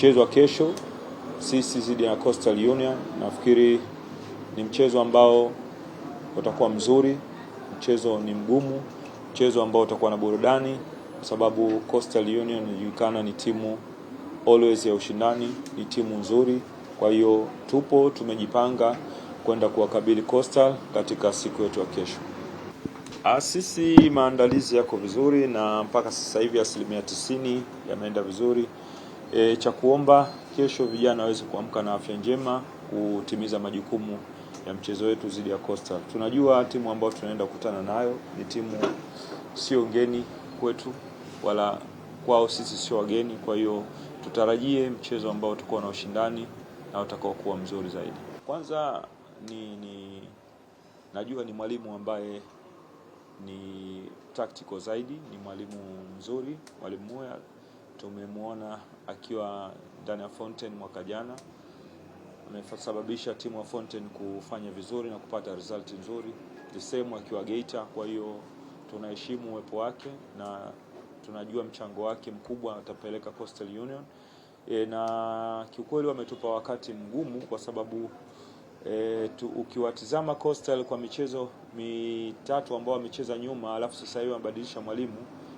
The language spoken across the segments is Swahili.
Mchezo wa kesho sisi dhidi ya Coastal Union, nafikiri ni mchezo ambao utakuwa mzuri, mchezo ni mgumu, mchezo ambao utakuwa na burudani, kwa sababu Coastal Union inajulikana ni timu always ya ushindani, ni timu nzuri. Kwa hiyo tupo tumejipanga kwenda kuwakabili Coastal katika siku yetu ya kesho. Ah, sisi maandalizi yako vizuri na mpaka sasa hivi asilimia tisini yameenda vizuri e, cha kuomba kesho vijana waweze kuamka na afya njema kutimiza majukumu ya mchezo wetu dhidi ya Coastal. Tunajua timu ambayo tunaenda kukutana nayo ni timu sio ngeni kwetu wala kwao, sisi sio wageni. Kwa hiyo tutarajie mchezo ambao utakuwa na ushindani na utakao kuwa mzuri zaidi. Kwanza ni, ni najua ni mwalimu ambaye ni tactical zaidi, ni mwalimu mzuri, mwalimu Moya tumemwona akiwa ndani ya Fountain mwaka jana, amesababisha timu ya Fountain kufanya vizuri na kupata result nzuri, the same akiwa Geita. Kwa hiyo tunaheshimu uwepo wake na tunajua mchango wake mkubwa atapeleka Coastal Union e, na kiukweli wametupa wakati mgumu kwa sababu e, tu, ukiwatizama Coastal kwa michezo mitatu ambao wamecheza nyuma, alafu sasa hivi wamebadilisha mwalimu,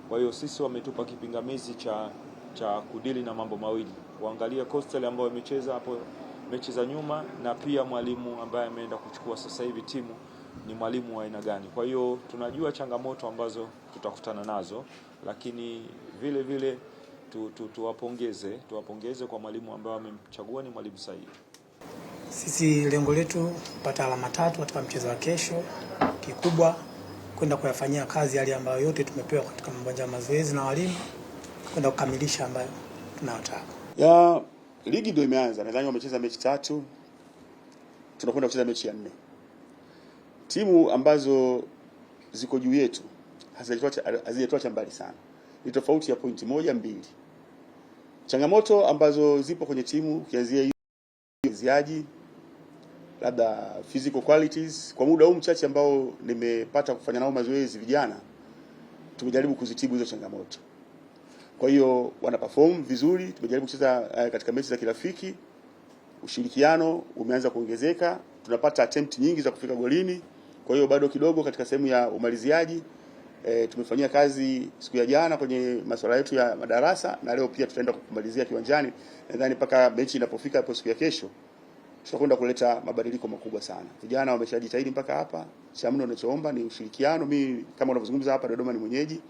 kwa hiyo sisi wametupa kipingamizi cha cha kudili na mambo mawili, waangalie Coastal ambayo imecheza hapo mechi za nyuma, na pia mwalimu ambaye ameenda kuchukua sasa hivi timu ni mwalimu wa aina gani. Kwa hiyo tunajua changamoto ambazo tutakutana nazo, lakini vile vile tu, tu, tuwapongeze tuwapongeze kwa mwalimu ambaye amemchagua ni mwalimu sahihi. Sisi lengo letu kupata alama tatu katika mchezo wa kesho, kikubwa kwenda kuyafanyia kazi yale ambayo yote tumepewa katika ya mazoezi na walimu kwenda kukamilisha ambayo tunayotaka. Ya ligi ndio imeanza, nadhani wamecheza mechi tatu, tunakwenda kucheza mechi ya nne. Timu ambazo ziko juu yetu hazijatoa cha mbali sana, ni tofauti ya pointi moja mbili. Changamoto ambazo zipo kwenye timu ukianzia ziaji labda physical qualities, kwa muda huu mchache ambao nimepata kufanya nao mazoezi vijana, tumejaribu kuzitibu hizo changamoto. Kwa hiyo wana perform vizuri, tumejaribu kucheza uh, katika mechi za kirafiki, ushirikiano umeanza kuongezeka, tunapata attempt nyingi za kufika golini. Kwa hiyo bado kidogo katika sehemu ya umaliziaji e, tumefanyia kazi siku ya jana kwenye masuala yetu ya madarasa na leo pia tutaenda kumalizia kiwanjani. Nadhani mpaka benchi inapofika hapo siku ya kesho tutakwenda kuleta mabadiliko makubwa sana. Vijana wameshajitahidi mpaka hapa. chamno ninachoomba ni ushirikiano. Mimi kama unavyozungumza hapa, Dodoma ni mwenyeji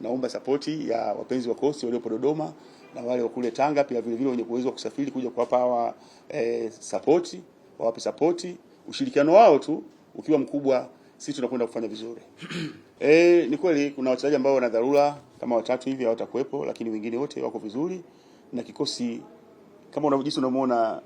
naomba sapoti ya wapenzi wa Coastal waliopo Dodoma na wale wa kule Tanga pia vile vile wenye kuweza kusafiri kuja kuwapa hawa e, eh, sapoti, wawape sapoti. Ushirikiano wao tu ukiwa mkubwa, sisi tunakwenda kufanya vizuri. E, ni kweli kuna wachezaji ambao wana dharura kama watatu hivi hawatakuwepo, lakini wengine wote wako vizuri na kikosi kama unavyojisi unamuona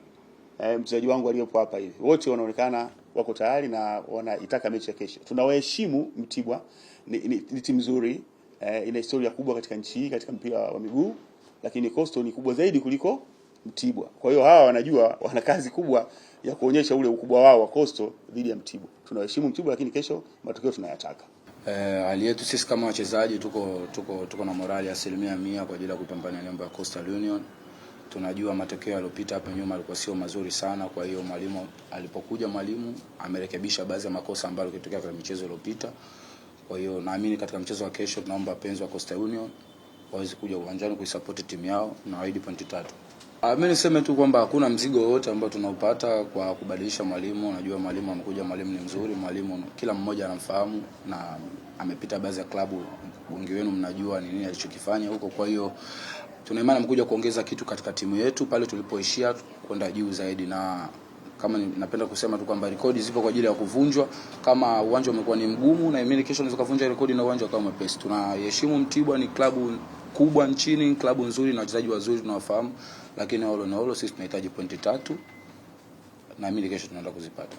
e, eh, mchezaji wangu aliyepo hapa hivi, wote wanaonekana wako tayari na wanaitaka mechi ya kesho. Tunawaheshimu Mtibwa, ni, ni, ni timu nzuri eh, ina historia kubwa katika nchi hii katika mpira wa miguu, lakini Coastal ni kubwa zaidi kuliko Mtibwa. Kwa hiyo hawa wanajua wana kazi kubwa ya kuonyesha ule ukubwa wao wa Coastal dhidi ya Mtibwa. Tunaheshimu Mtibwa, lakini kesho matokeo tunayataka. Eh, hali yetu sisi kama wachezaji tuko tuko tuko na morali ya asilimia mia kwa ajili ya kupambania nembo ya Coastal Union. Tunajua matokeo yaliyopita hapo nyuma yalikuwa sio mazuri sana. Kwa hiyo mwalimu alipokuja, mwalimu amerekebisha baadhi ya makosa ambayo yalitokea katika michezo iliyopita. Kwa hiyo naamini katika mchezo wa kesho, tunaomba wapenzi wa Coastal Union waweze kuja uwanjani kuisapoti timu yao na waidi pointi tatu. Ah, mimi niseme tu kwamba hakuna mzigo wowote ambao tunaupata kwa kubadilisha mwalimu. Najua mwalimu amekuja, mwalimu ni mzuri, mwalimu kila mmoja anamfahamu na amepita baadhi ya klabu. Wengi wenu mnajua ni nini alichokifanya huko, kwa hiyo tuna imani amekuja kuongeza kitu katika timu yetu pale tulipoishia kwenda juu zaidi na kama ni, napenda kusema tu kwamba rekodi zipo kwa ajili ya kuvunjwa. Kama uwanja umekuwa ni mgumu, na imani kesho unaweza kuvunja rekodi na uwanja ukawa mwepesi. Tunaheshimu Mtibwa, ni klabu kubwa nchini, klabu nzuri na wachezaji wazuri tunawafahamu, lakini holo na holo sisi tunahitaji pointi tatu, naamini kesho tunaenda kuzipata.